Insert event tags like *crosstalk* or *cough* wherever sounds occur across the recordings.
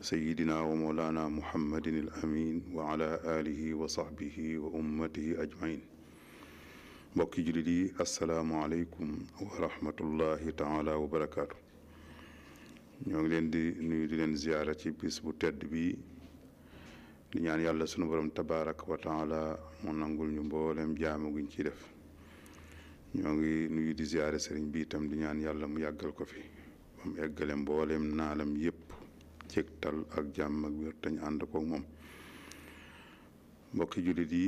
sayidina wa moolana muhammadin al amin wa ala alihi wa sahbihi wa ummatihi ajmain mbokki jullit yi asalaamualeykum wa rahmatullahi taala wa barakaatu ñoo ngi leen di nuyu di leen ci bis bu tedd bi di ñaan yàlla sunu borom tabaaraka wa taala mu nangul ñu mboolem jaamu ci def ñoo ngi nuyu di ziyaara sëriñ bi itam di ñaan yàlla mu yàggal ko fi ba mu eggale mboolem naalam yépp cëg tal ak jàmm ak wér te ñu ànd koog moom mbokki jullit yi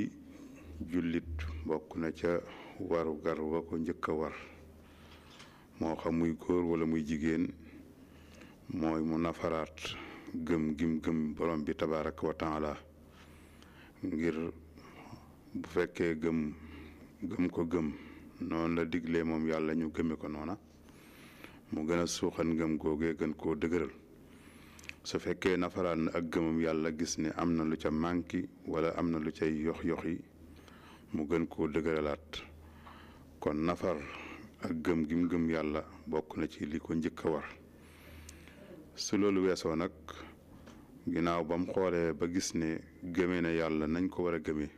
jullit bokk na ca waru gar wa ko njëkk a war moo xam muy góor wala muy jigéen mooy mu nafaraat gëm gim gëm borom bi tabaraka wa taala ngir bu fekkee gëm gëm ko gëm noonu la diglee moom yàlla ñu gëme ko noona mu gën a suuxan ngëm googee gën koo dëgëral su fekkee nafaraan na ak gëmam yàlla gis ne am na lu ca manki wala am na lu cay yox-yox yi mu gën koo dëgëralaat kon nafar ak gëm gim gëm yàlla bokk na ci li ko njëkk a war su loolu weesoo nag ginnaaw bam xoolee ba gis ne gëmee na yàlla nañ ko war a gëmee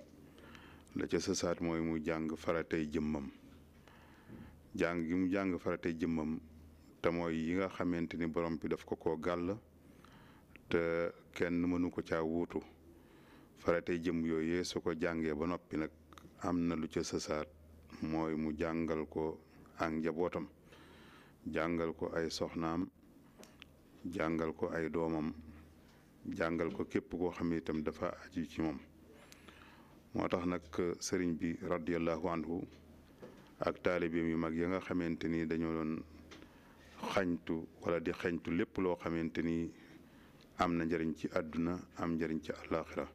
la ca sësaat mooy mu jàng faratay jëmmam jàng gi mu jàng faratay jëmmam te mooy yi nga xamante ni borom bi daf ko koo gàll te kenn mënu ko caa wuutu faratey jëm yooyee su ko jàngee ba noppi nag am na lu ca sësaat mooy mu jàngal ko ak njabootam jàngal ko ay soxnaam jàngal ko ay doomam jàngal ko képp koo xam ne dafa aju ci moom moo tax nag sëriñ bi radiallahu anhu ak taalibeem yu mag ya nga xamante ni dañoo doon xañtu wala di xañtu lépp loo xamante ni am na njëriñ ci àdduna am njëriñ ci àllaaxira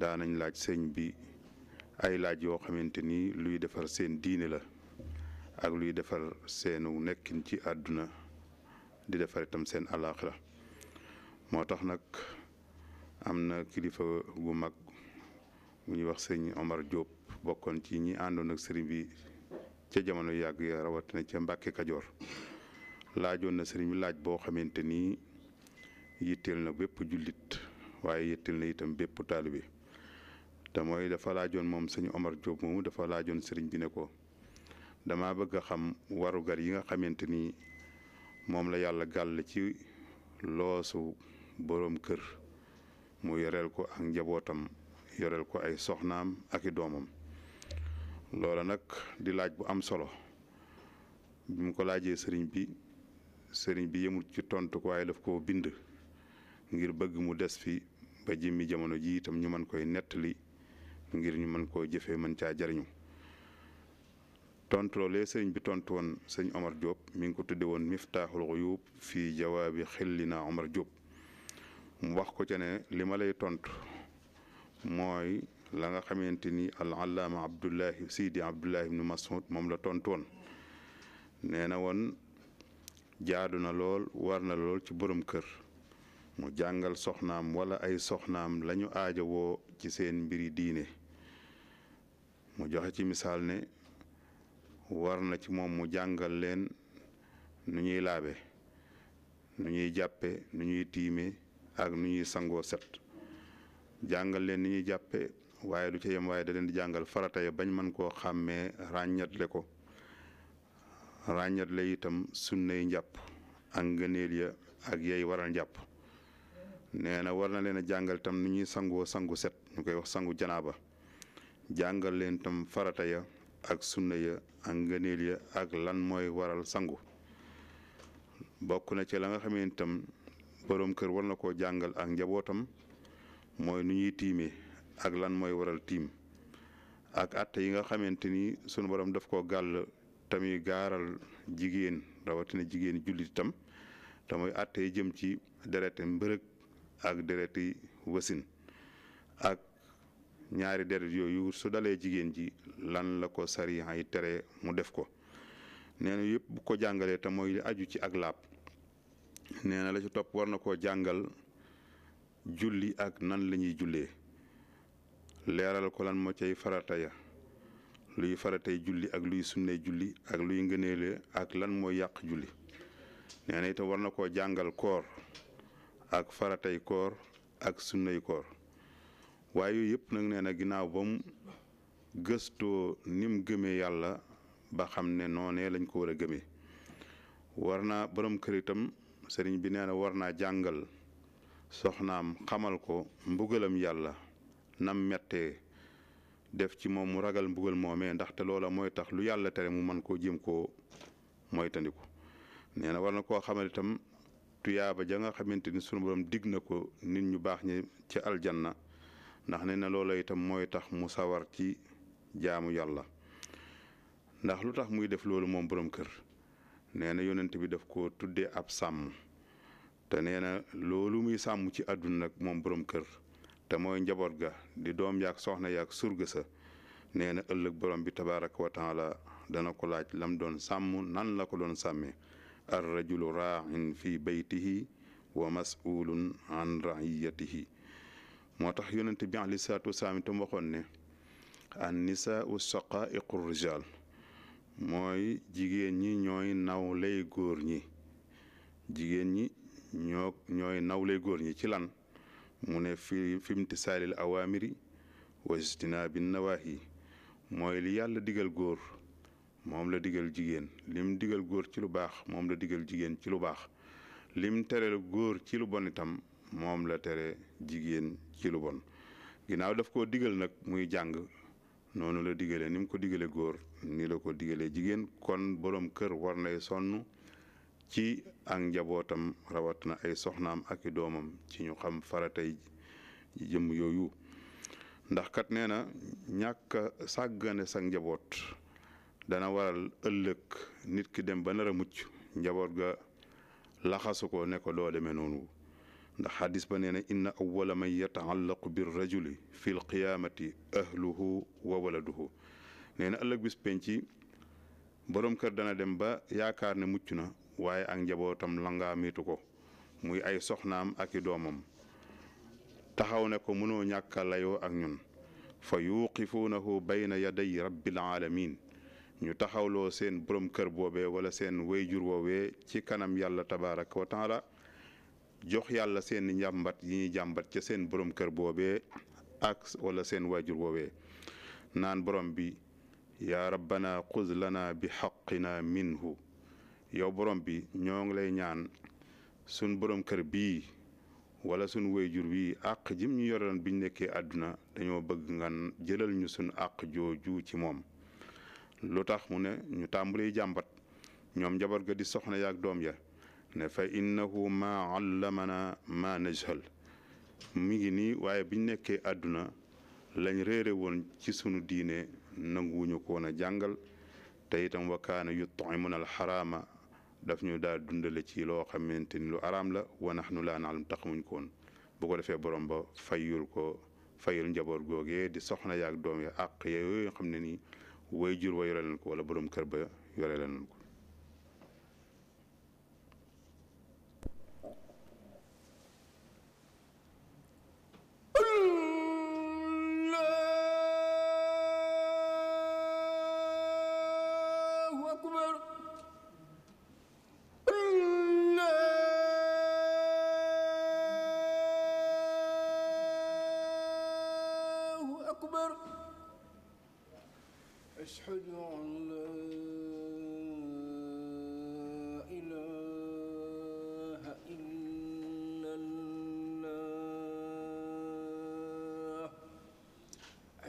daanañ laaj sëñ bi ay laaj yoo xamante ni luy defar seen diine la ak luy defar seenu nekkin ci àdduna di defar itam seen àllaaxira moo tax nag am na kilifa gu mag bu ñuy wax sëñ Omar Diop bokkoon ci ñi àndoon ak sëriñ bi ca jamono yàgg ya rawatina ca Mbàkke Kajoor laajoon na sëriñ bi laaj boo xamante nii yitteel na bépp jullit waaye yitteel na itam bépp taalibe te mooy dafa laajoon moom sëñ Omar Diop moomu dafa laajoon sëriñ bi ne ko dama bëgg a xam warugar yi nga xamante ni moom la yàlla gàll ci loosu boroom kër mu yoreel ko ak njabootam yoreel ko ay soxnaam aki doomam loola nag di laaj bu am solo bi mu ko laajee sëriñ bi sëriñ bi yemul ci tontu waaye daf ko bind ngir bëgg mu des fi ba jëmmi jamono ji itam ñu mën koy nettali ngir ñu mën koo jëfee mën caa jariñu tontu loolee sëriñ bi tontu woon sëñ Omar Diop mi ngi ko tudde woon miftaaxul xuyuub fii jawaabi na Omar Diop mu wax ko ca ne li ma lay tontu mooy la nga xamante ni al allaama abdullahi sidi abdullahi ibnu Mas'ud moom la tontu woon nee na woon jaadu na lool war na lool ci borom kër mu jàngal soxnaam wala ay soxnaam lañu aajowoo ci seen mbiri diine mu joxe ci misaal ne war na ci moom mu jàngal leen nu ñuy laabe nu ñuy jàppe nu ñuy tiime ak nu ñuy sangoo set jàngal leen ni ñuy jàppe waaye du ca yem waaye da leen di jàngal farata bañ mën koo xàmmee ràññatle ko ràññatle itam sunna yi njàpp ak ngëneel ya ak yey waral njàpp nee na war na leen a jàngal tam nu ñuy sangoo sangu set ñu koy wax sangu janaaba jàngal leen tam farata ya ak sunna ya ak ngëneel ya ak lan mooy waral sangu bokk na ci la nga xamee tam boroom kër war na koo jàngal ak njabootam mooy nu ñuy tiimee ak lan mooy waral tiim ak àtte yi nga xamante ni sunu borom daf koo gàll tamit gaaral jigéen rawatina jigéen jullit tam te mooy àtte yi jëm ci derete mbërëg ak dereti wasin ak ñaari deret yooyu su dalee jigéen ji lan la ko sariya yi tere mu def ko nee na yëpp bu ko jàngalee te mooy aju ci ak laab nee na la ci topp war na koo jàngal julli ak nan lañuy ñuy jullee leeral ko lan moo cay farata ya luy faratay julli ak luy sunnay julli ak luy ngëneele ak lan mooy yàq julli nee na itam war na koo jàngal koor ak faratay koor ak sunnay koor waaye yooyu yëpp nag nee na ginnaaw ba mu gëstoo ni gëmee yàlla ba xam ne noonee lañ ko war a gëmee war naa borom kër itam sëriñ bi nee na war naa jàngal soxnaam xamal ko mbugalam yàlla nam mettee def ci moom mu ragal mbugal moomee ndaxte loola mooy tax lu yàlla tere mu mën koo jëm koo moytandiku nee war na koo xamal tuyaaba ja nga xamante ni sunu borom dig na ko nit ñu baax ñi ci aljanna ndax nee na loola itam mooy tax mu sawar ci jaamu yàlla ndax lu tax muy def loolu moom borom kër nee na yonent bi daf ko tuddee ab sàmm te nee na loolu muy sàmm ci àdduna nag moom borom kër te mooy njaboot ga di doom yaak soxna yaak surga sa nee na ëllëg borom bi tabaaraka wa taala dana ko laaj lam doon sàmm nan la ko doon sàmmee arrajulu raain fi baytihi wa masulun an raiyatihi moo tax yonente bi alei salatu wasalaam itam waxoon ne an nisaau saqaiqu rijal mooy jigéen ñi ñooy naw góor ñi jigéen ñi ñoo ñooy góor ñi ci lan mu ne fi fi imtisaalil awaamiri wa ijtinaabi nawaahi mooy yàlla digal góor moom la digal jigéen lim digal góor ci lu baax moom la digal jigéen ci lu baax lim tere góor ci lu bon itam moom la tere jigéen ci lu bon ginnaaw def koo digal nag muy jàng noonu la digalee ni mu ko digalee góor ni la ko digalee jigéen kon boroom kër war nay sonn ci ak njabootam rawat na ay soxnaam ak i doomam ci ñu xam faratay jëm yooyu ndax kat nee na ñàkk sàggane sa njaboot dana waral ëllëg nit ki dem ba nar mucc njaboot ga laxasu ko ne ko doo demee noonu ndax xadis ba nee na inna awala man yataallaqu biir rajuli fi l qiyaamati ahluhu wa waladuhu nee na ëllëg bis penci boroom kër dana dem ba yaakaar ne mucc na waaye ak njabootam langaamitu ko muy ay soxnaam ak i doomam taxaw ne ko mënoo ñàkka layoo ak ñun fa yuqifuunahu bayna yaday rabbil alamin ñu taxawloo seen borom kër boobe wala seen wayjur woowee ci kanam yàlla tabaraka wa taala jox yàlla seen njàmbat yi ñuy jàmbat ca seen boroom kër boobee ak wala seen wayjur woowee naan boroom bi yaa rabbana xuz lana bi xaqina minhu yow borom bi ñoo ngi lay ñaan sun boroom kër bii wala sun wayjur bii àq jim ñu yoroon biñ nekkee àdduna dañoo bëgg nga jëlal ñu sun àq jooju ci moom lu tax mu ne ñu tàmbali jàmbat ñoom njaboot ga di soxna yaag doom ya ne fa innahu ma allamana ma najhal mu ngi nii waaye biñ nekkee àdduna lañ réere woon ci sunu diine nanguwuñu ko a jàngal te itam wa kaana yutimuna al xaraama daf ñu daal dundale ci loo xamante ni lu araam la wa nu laa naalam taxamuñ ko woon ko defee borom ba fayul ko fayul njaboot googee di soxna yaag doom ya àq yooyu xam ne nii way jur wa yore leen ko wala borom kër ba yore leen ko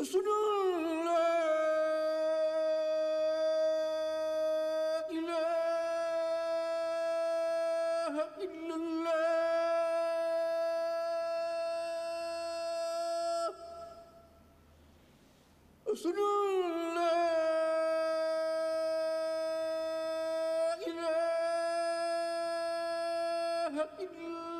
sunu laa ilaaha illallaah sunu laa ilaaha illallaah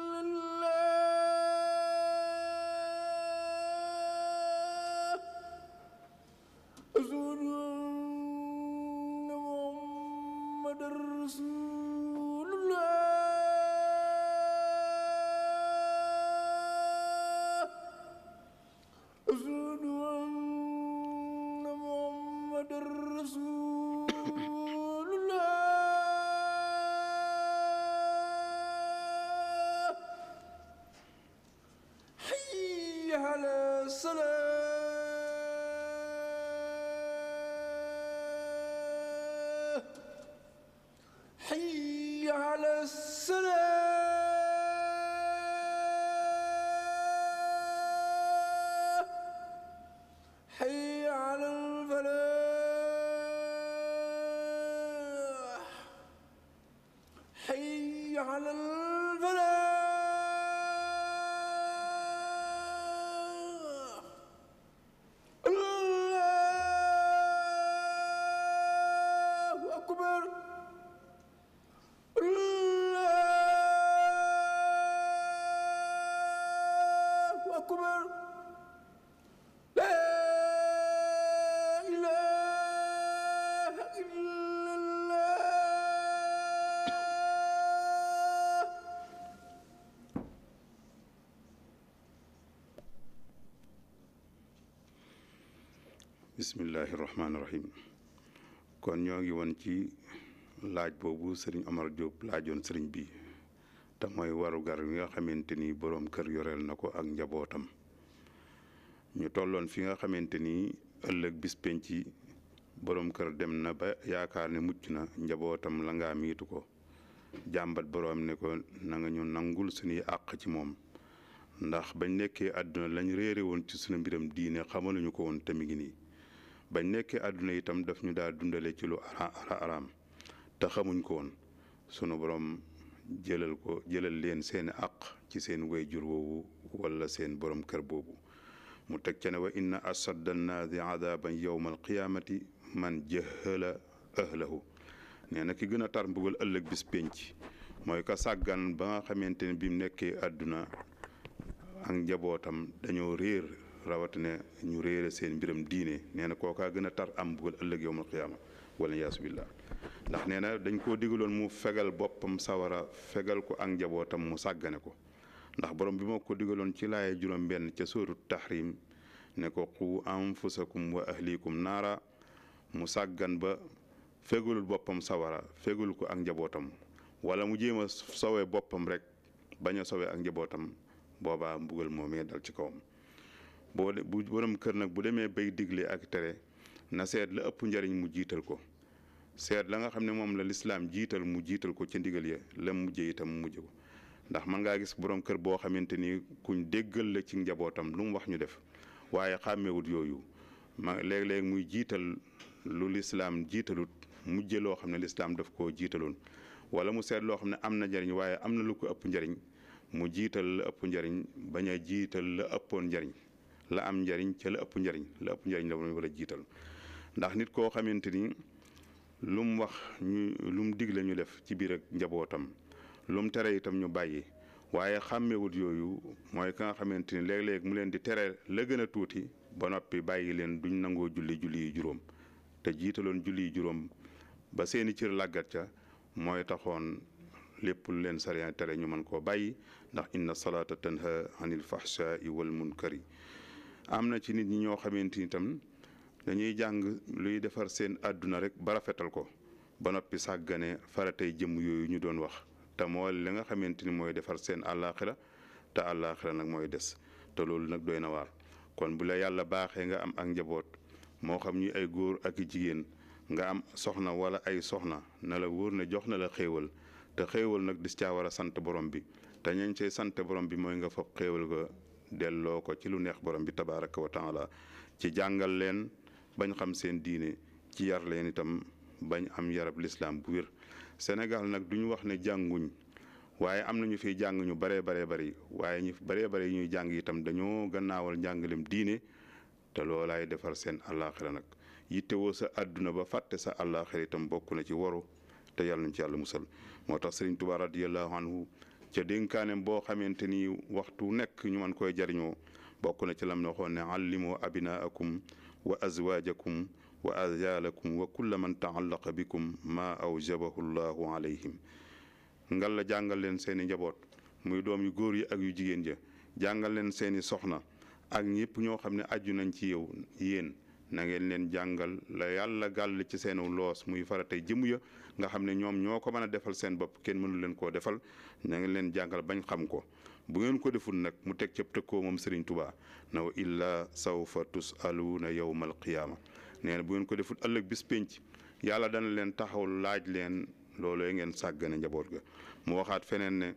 bismillahi rahmaani rahim kon ñoo ngi woon ci laaj boobu sëriñ Omar Diop laajoon sëriñ bi te mooy warugar yi nga xamante ni boroom kër yoreel na ko ak njabootam ñu tolloon fi nga xamante ni ëllëg bis ci boroom kër dem na ba yaakaar ne mucc na njabootam la ngaa miitu ko jàmbat boroom ne ko na nga ñu nangul suñuy àq ci moom ndax bañ nekkee àdduna lañ réere woon ci sunu mbiram diine xamaluñu ko woon te mi ngi nii bañ nekkee àdduna itam daf ñu daa dundalee ci lu ara araam te xamuñ ko sunu borom jëlal ko jëlal leen seeni àq ci seen wayjur woowu wala seen borom kër boobu mu teg ca ne wa inna asadda nnaasi adaban yowma alqiyaamati man jahala ahlahu nee na ki gën a tar mbugal ëllëg bis pénc mooy ka sàggan ba nga xamante ne bi mu nekkee àdduna ak njabootam dañoo réer rawatina ñu réere seen mbiram diine nee na ka gën a tar am bugal ëllëg yowmal qiyaama wala yaasu ndax nee na dañ koo digaloon mu fegal boppam sawara fegal ko ak njabootam mu sàggane ko ndax borom bi moo ko digaloon ci laaya juróom benn ca sóoru tahrim ne ko qu anfusakum wa ahlikum naara mu sàggan ba fegalul boppam sawara fegalul ko ak njabootam wala mu jéem a sowe boppam rek bañ a ak njabootam boobaa mbugal moomee dal ci kawam boo de bu borom kër nag bu demee bay digle ak tere na seet la ëpp njariñ mu jiital ko seet la nga xam ne moom la lislaam jiital mu jiital ko ca ndigal ya la mujje mujj ko ndax mën ngaa gis borom kër boo xamante ni kuñ déggal ci njabootam lu wax ñu def waaye xàmmewut yooyu ma léeg muy jiital lu lislaam jiitalut mujje loo xam ne lislaam daf koo jiitaloon wala mu seet loo xam ne am na njariñ waaye am na lu ko ëpp njariñ mu jiital la ëpp njariñ bañ jiital la ëppoon njariñ la am njariñ ca la ëpp njariñ la ëpp njariñ la jiital ndax nit koo xamante ni lu mu wax ñu lu mu digle ñu def ci biir ak njabootam lu mu tere itam ñu bàyyi waaye xàmmewut yooyu mooy ka nga xamante ni léeg mu leen di tere la gën a tuuti ba noppi bàyyi leen duñ nangoo julli julli yi juróom te jiitaloon julli yi juróom ba seeni cër làggat ca mooy taxoon lépp lu leen sariya tere ñu mën koo bàyyi ndax inna salaata tanha anil fahshaai wal munkari am na ci nit ñi ñoo xamante ni tam dañuy jàng luy defar seen àdduna rek ba rafetal ko ba noppi sàggane faratay jëm yooyu ñu doon wax te moo li nga xamante ni mooy defar seen àllaaxira te àllaaxira nag mooy des te loolu nag doy na waar kon bu la yàlla baaxee nga am ak njaboot moo xam ñi ay góor ak jigéen nga am soxna wala ay soxna na la wóor ne jox na la xéewal te xéewal nag dis caa war a sant borom bi te ñañ cay sant borom bi mooy nga foog xéewal ga delloo ko ci lu neex borom bi tabaraka wa taala ci jàngal leen bañ xam seen diine ci yar leen itam bañ am yarab lislaam bu wér Sénégal nag duñu wax ne jànguñ waaye am na ñu fiy jàng ñu baree baree bari waaye ñu baree bari yi ñuy jàng itam dañoo gannaawal njàngalem diine te loolaay defar seen àllaaxira nag yittewoo sa àdduna ba fàtte sa àllaaxira itam bokk na ci waru te yàlla nañ ci yàlla musal moo tax sëriñ Tuubaa radiyallaahu anhu ca dénkaanem boo xamante ni waxtu nekk ñu mën koy jariñoo bokk na ci lam ne waxoon ne allimu abnaakum wa azwaajakum wa ajaalakum wa kulla man taallaqa bikum maa awjabahu llahu alayhim ngal la jàngal leen seeni njaboot muy doom yu góor yi ak yu jigéen ja jàngal leen seeni soxna ak ñëpp ñoo xam ne aju nañ ci yow yéen na ngeen leen jàngal la yàlla gàll ci seenu loos muy faratay jëm ya nga xam ne ñoom ñoo ko mën a defal seen bopp kenn mënu leen koo defal na ngeen leen jàngal bañ xam ko bu ngeen ko deful nag mu teg cëp ko moom Serigne Touba na wa illaa sawfa na yawmal qiyaama nee na bu ngeen ko defut ëllëg bis pénc yàlla dana leen taxaw laaj leen looloo ngeen sàggane njaboot ga mu waxaat feneen ne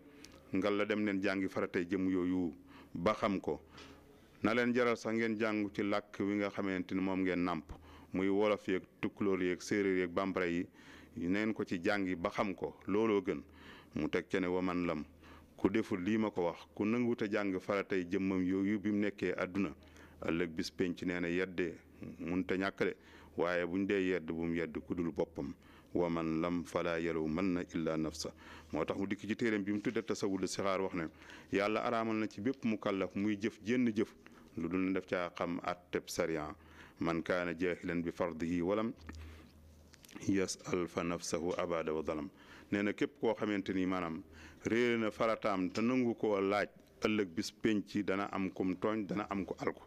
ngal la dem leen jàngi faratay jëm yooyu ba xam ko na leen jaral sax ngeen jàngu ci làkk wi nga xamante ni moom ngeen nàmp muy wolof yeeg tukkulóor yeeg séeréer yeeg bambara yi neen ko ci jàng yi ba xam ko looloo gën mu teg ca ne waman lam ku deful lii ma ko wax ku nanguwut a jàng faratay jëmmam yooyu bi mu nekkee àdduna ëllëg bis penc nee na yeddee munta ñàkk de waaye buñ dee yedd bu mu yedd ku dul boppam waman lam fala yelaw mën na illa sax moo tax mu dikk ci téeréem bi mu tudde tasawul sixaar wax ne yàlla araamal na ci bépp mu kallaf muy jëf jenn jëf lu dul ne def caa xam atteb sariya man kaana jaahilan bi fardihi walam yasal fa nafsahu abada wa dalam nee na képp koo xamante ni maanaam réere na farataam te nangu ko laaj ëllëg bis penc dana am kum tooñ dana am ko alko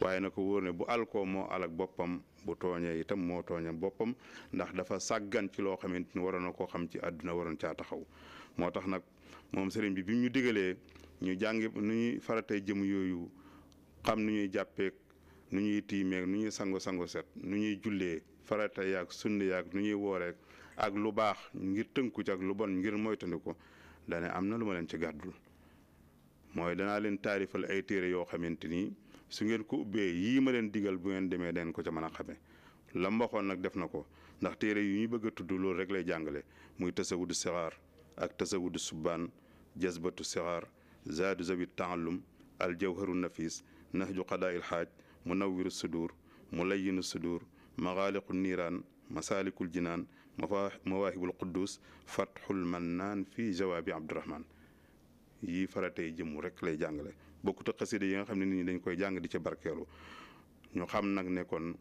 waaye na ko wóor bu alko moo alak boppam bu tooñee itam moo tooña boppam ndax dafa sàggan ci loo xamante ni waroon na koo xam ci àdduna waroon caa taxaw moo tax nag moom sëriñ bi bi ñu digalee ñu jàngi nu ñuy faratay jëm yooyu xam nu ñuy jàppeek nu ñuy tiimeek nu ñuy sango sango set nu ñuy jullee farata yaag sunn yaag nu ñuy wooreek ak lu baax ngir tënku ci ak lu bon ngir moytandi ko dane am na lu ma leen ci gàddul mooy danaa leen taarifal ay téere yoo xamante ni su ngeen ko ubbee yii ma leen digal bu ngeen demee den ko ca mën a xame la mu nag def na ko ndax téere yu ñuy bëgg a tudd loolu rek lay jàngale muy tasawudu sixaar ak tasawudu subbaan jasbatu sixaar zaadu zawi taalum al jawharu nafis nahju qadaa'il xaaj munawwiru sudur mulayyinu sudur magaaliqu niiraan masaalikul jinaan mawaahibul quddus fatxul mannaan fii jawaabi abdurahman yii faratey jëmm rek lay jàngale bokkut xasida yi nga xam ne nit ñi dañ koy jàng di ci barkeelu ñu xam nag ne kon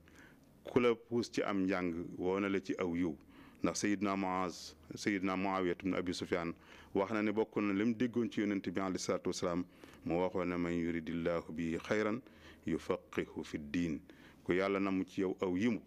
ku la puus ci am njàng woonale ci aw yiw ndax sayidna moaz sayidna moawiyat ibn abi sufyaan wax na ne bokk na lim déggoon ci yonent bi alei salatu wasalaam moo waxoon ne man yuridillahu bi xayran yufaqihu fi diin ku yàlla na mu ci yow aw yimu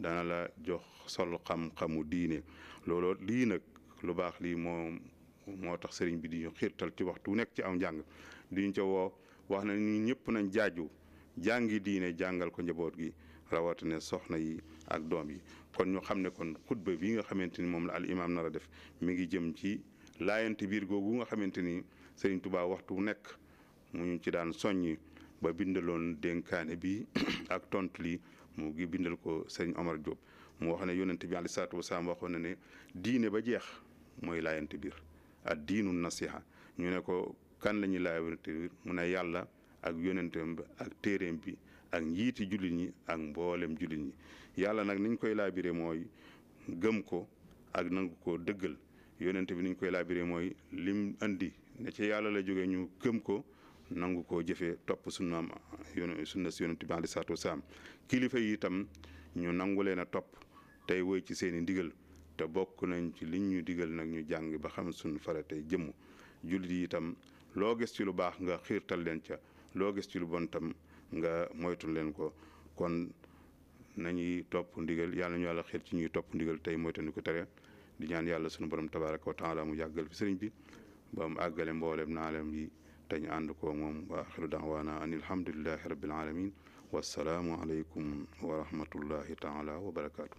dana la jox sol xam-xamu diine looloo lii nag lu baax lii moo tax sëriñ bi di ñu xiirtal ci waxtu nekk ci aw njàng di ñu ca woo wax na ñëpp nañ jaaju jàngi diine jàngal ko njaboot gi rawatina soxna yi ak doom yi kon ñu xam ne kon xutba bi nga xamante ni moom la al imaam nar def mi ngi jëm ci laayante biir googu nga xamante ni Sëriñ Tuubaa waxtu nekk mu ñu ci daan soññi ba bindaloon dénkaane bi *clears throat* ak tontu li mu ngi bindal ko Sëriñ Omar Diop mu wax ne yonent bi aleyhi salaatu wasalaam waxoon na ne diine ba jeex mooy laayante biir ak diinu nasiha ñu ne ko kan la ñuy laayante biir mu ne yàlla ak yonentam ak téereem bi ak njiiti jullit ñi ak mboolem jullit ñi yàlla nag niñ koy laabire mooy gëm ko ak nangu ko dëggal yonent bi niñ koy laabire mooy lim indi ne ci yàlla la jóge ñu gëm ko nangu ko jëfe topp sunnaam yon sunna si yonent bi aleyhi salaatu wasalaam kilifa yi itam ñu nangu leen a topp tey woy ci seen i ndigal te bokk nañ ci liñ ñu digal nag ñu jàng ba xam suñ faratey jëmm jullit yi itam loo gis ci lu baax nga xiirtal leen ca loo gis ci lu bon tam nga moytul leen ko kon nañuy topp ndigal yàlla ñu yàlla xeet ci ñuy topp ndigal tey moytandiku tere di ñaan yàlla sunu borom tabaraka wa taala mu yàggal fi sëriñ bi ba mu àggale mboolem naalem yi te ñu ànd ko moom wa axiru daawaana an alhamdulilahi rabbil alamin wassalaamu aleykum wa taala wa barakaatu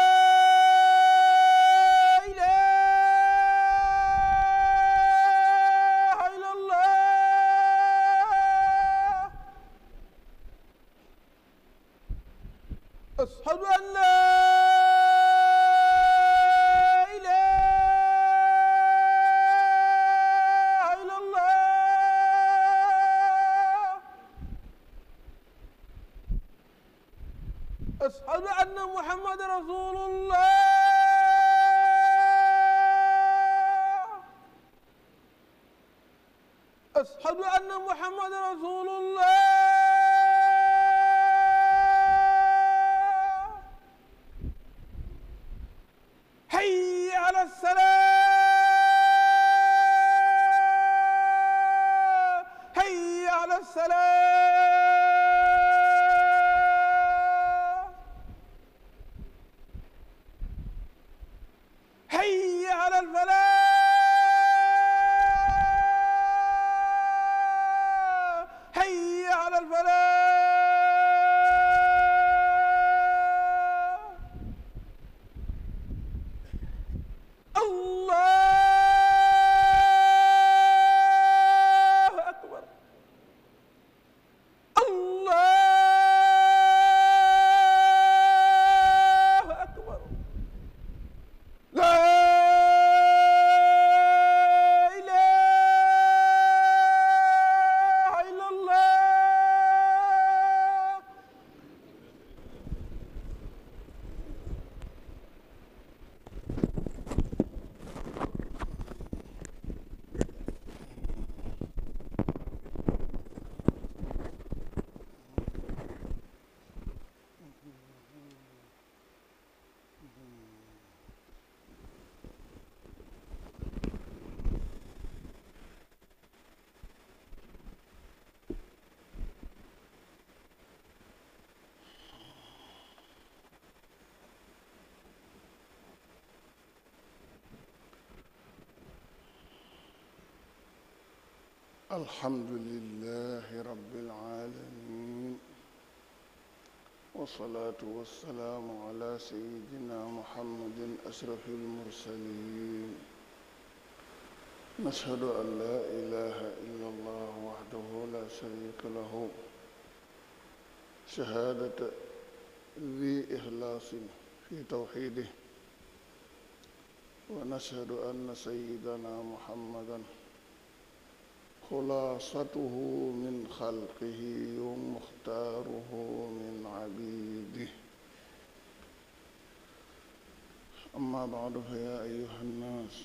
أشهد أن لا alhamdulilahi rabbil aalamiin wasalaatu wasalaamu ala sayyidina muhammadin ashrafil mursaliin nashhadu an laa ilaaha illallah wahdahu laa shariika lahu shahaadata dii ixlaasin fi tawxiidihi wa nashhadu anna sayyidana muhammadan خلاصته من خلقه ومختاره من عبيده أما بعد فيا أيها الناس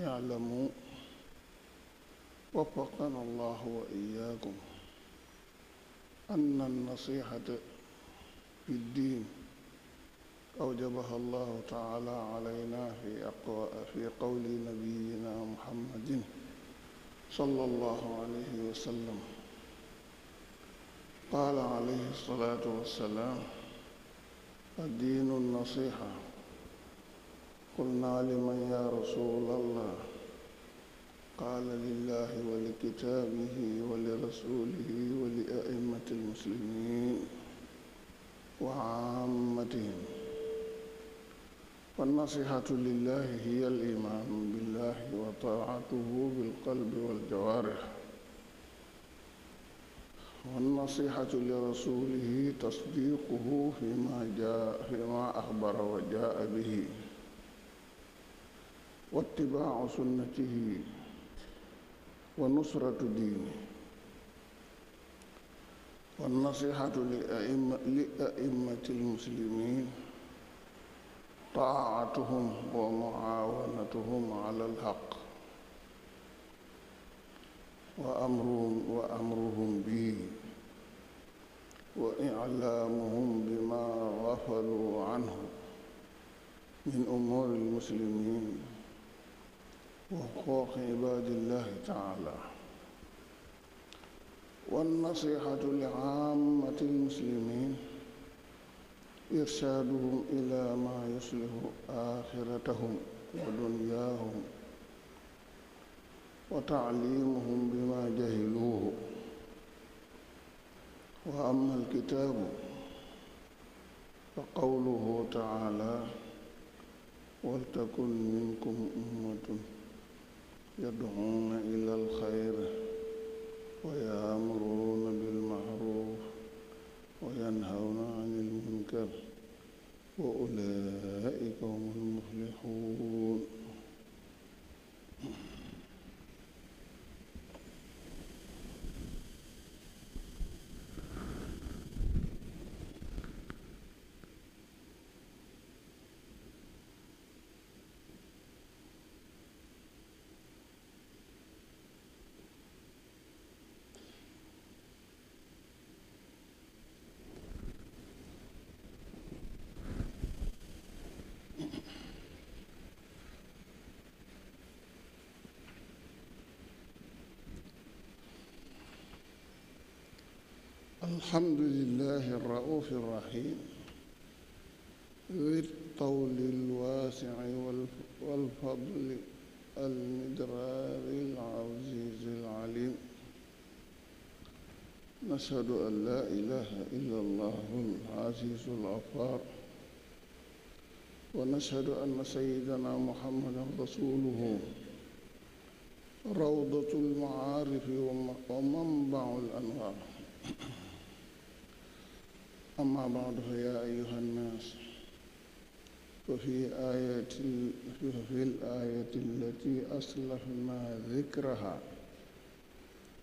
اعلموا وفقنا الله وإياكم أن النصيحة في الدين أوجبها الله تعالى علينا في أقوى في قول نبينا محمد sallallahu alayhi wa sallam qaala alayhi salaatu wa salaam addiinu nasiha qulnaa liman yaa rasuulallah qaala lillahi wa likitaabihi wa lirasuulihi wa li a'immati almuslimiin wa aammatihim wa annasihatu lillahi hiya al-iimaan taatuhu bilqalbi waljawaarix wannasixatu lirasulihi tasdiquhu fima jaa fima axbara wa jaa bihi wattibaacu sunnatihi wa nusratu diini wannasixatu li a'immati lmuslimin taacatuhum wa mucaawanatuhum ala alxaq wa amruhum wa amruhum bihi wa i'laamuhum bima ghafalu anhu min umuuri al-muslimiin wa huquuqi ibaadillaahi ta'aalaa والنصيحة لعامة المسلمين إرشادهم إلى ما يصلح آخرتهم ودنياهم wa taalimuhum bima jahiluuhu wa amma alkitaabu fa qawluhu taala waltakun minkum ummatun yadcuuna ila alxayr wa yaamuruuna bilmacruuf wa yanhawna can almunkar wa ulaaika hum almuflixuun الحمد لله الرؤوف الرحيم ذي الطول الواسع والفضل المدرار العزيز العليم نشهد أن لا إله إلا الله العزيز الغفار ونشهد أن سيدنا محمدا رسوله روضة المعارف ومنبع الأنوار أما بعد فيا أيها الناس وفي آية في الآية التي أسلفنا ذكرها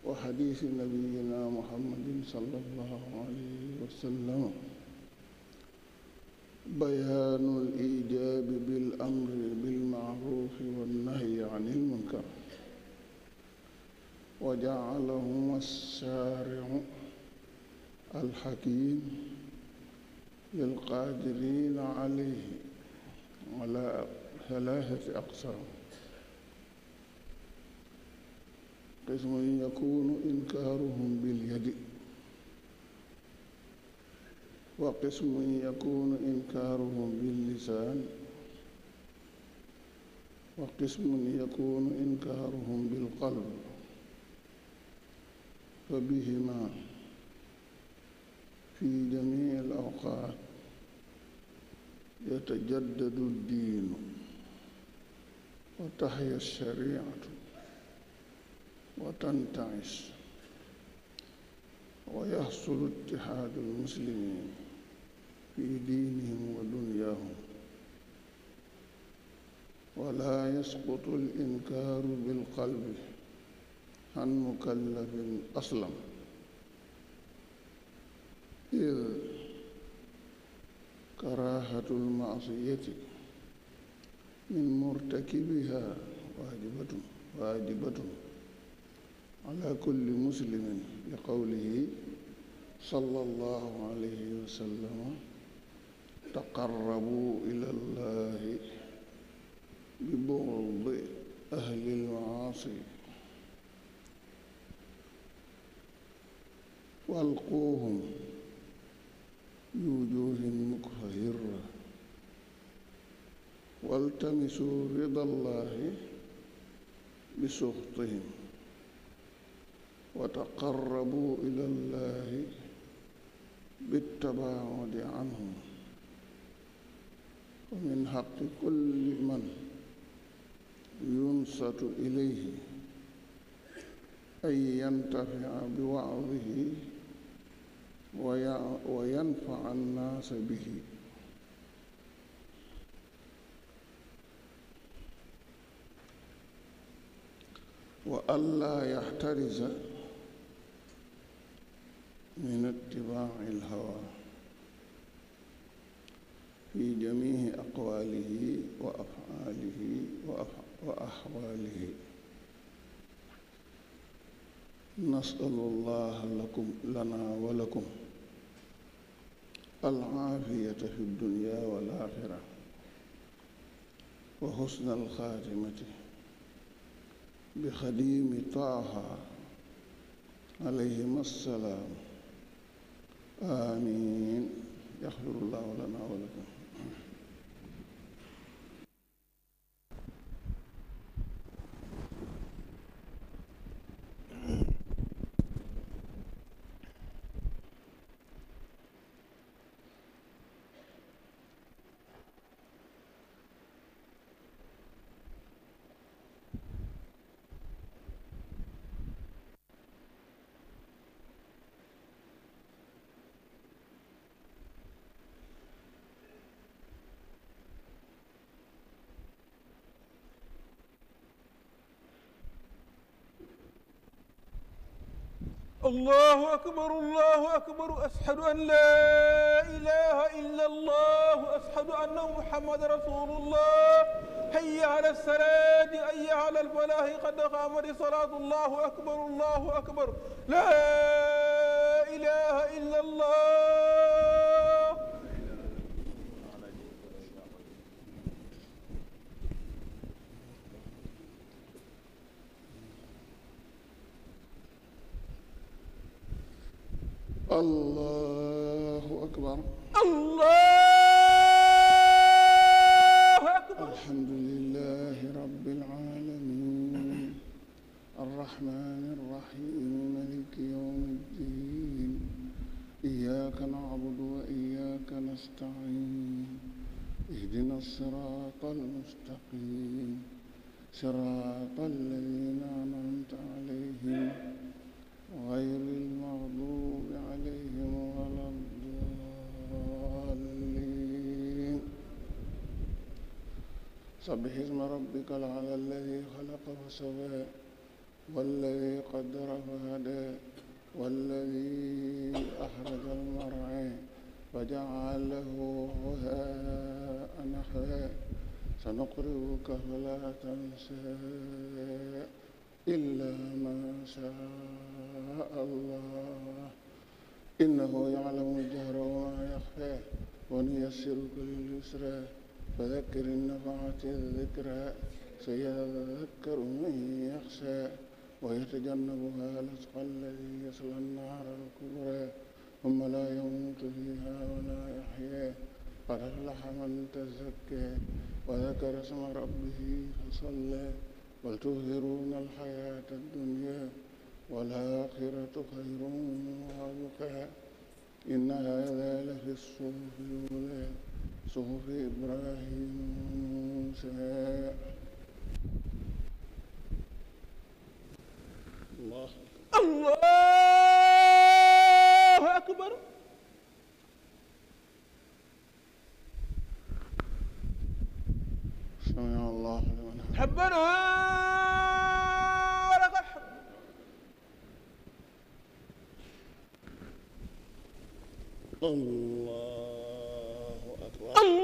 وحديث نبينا محمد صلى الله عليه وسلم بيان الإيجاب بالأمر بالمعروف والنهي عن المنكر وجعلهما الشارع الحكيم للقادرين عليه على ثلاثة أقسام قسم يكون إنكارهم باليد وقسم يكون إنكارهم باللسان وقسم يكون إنكارهم بالقلب فبهما في جميع الأوقات يتجدد الدين وتحيا الشريعة وتنتعش ويحصل اتحاد المسلمين في دينهم ودنياهم ولا يسقط الإنكار بالقلب عن مكلف أسلم إذ كراهة المعصية من مرتكبها واجبة واجبة على كل مسلم لقوله صلى الله عليه وسلم تقربوا إلى الله ببغض أهل المعاصي والقوهم بوجوه مقهرة والتمسوا رضا الله بسخطهم وتقربوا إلى الله بالتباعد عنهم ومن حق كل من ينصت إليه أن ينتفع بوعظه wa yanfaa annaasa bihi wa allaa yaxtarisa min ittibaaci lhawa fi jamiihi aqwaalihi wa afcaalihi wa axwaalihi nasalu llaha lakum lana wa lakum alxaafiyata fi dunya wal axira wa xusna alxaatimati bi xadiimi taaha alayhim assalaam amin yaxfirullahu lana wa lakum allahu akbar allahu akbar ashadu an laa ilaha illa allah ashadu anna muhammada rasulullah hayya ala salaati hayya ala alfalaahi qad qaamat salaatu allahu akbar allahu akbar laa توكل على الذي خلق فسوى والذي قدر فهدى والذي أخرج المرعى فجعله غثاء نحوا سنقرئك فلا تنسى إلا ما شاء الله إنه يعلم الجهر وما يخفى ونيسرك لليسرى فذكر النفعة الذكرى سيذكر من يخشى ويتجنبها الأشقى الذي يصلى النار الكبرى ثم لا يموت فيها ولا يحيا قد أفلح من تزكى وذكر اسم ربه فصلى بل تؤثرون الحياة الدنيا والآخرة خير وأبقى إن هذا لفي الصحف الأولى صحف إبراهيم وموسى الله الله أكبر سمع الله لمن حبنا ولك الحمد الله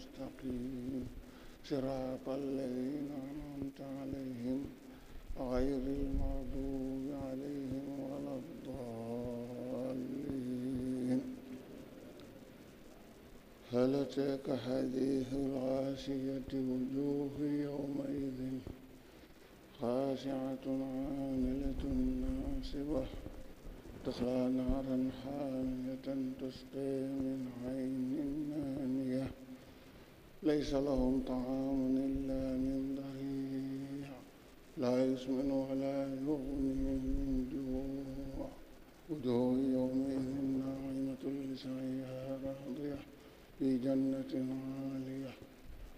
المستقيم صراط الذين أنعمت عليهم غير المغضوب عليهم ولا الضالين هل أتاك حديث الغاشية وجوه يومئذ خاشعة عاملة ناصبة تخلى نارا حامية تسقي من عين آنية ليس لهم طعام إلا من ضريع لا يسمن ولا يغني من جوع وجوه يومئذ ناعمة لسعيها راضية في جنة عالية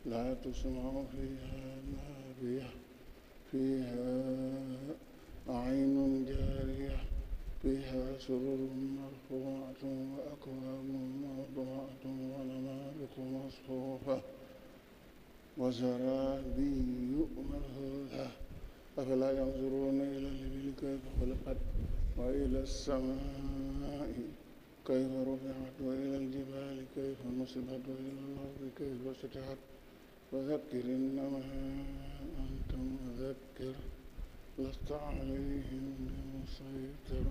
لا تسمع فيها نابية فيها عين جارية فيها سرر مرفوعة وأكواب موضوعة ونمارق مصفوفة وزرابي مبثوثة أفلا ينظرون إلى الإبل كيف خلقت وإلى السماء كيف رفعت وإلى الجبال كيف نصبت وإلى الأرض كيف سطحت فذكر إنما أنت مذكر لست عليهم بمسيطر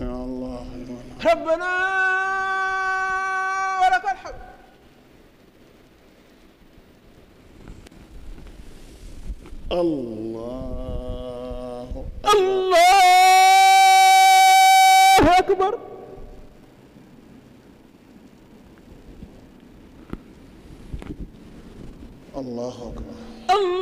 الله ربنا ولك الحمد الله الله أكبر الله أكبر الله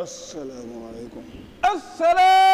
asalaamaaleykum. asalaamaaleykum.